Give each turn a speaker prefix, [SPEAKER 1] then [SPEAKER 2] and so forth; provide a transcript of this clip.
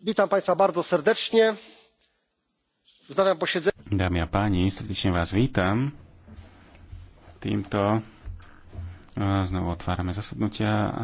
[SPEAKER 1] witam państwa bardzo serdecznie wznawiam posiedzenie.
[SPEAKER 2] dámy a páni srdečne vás vítam týmto e, znovu otvárame zasadnutia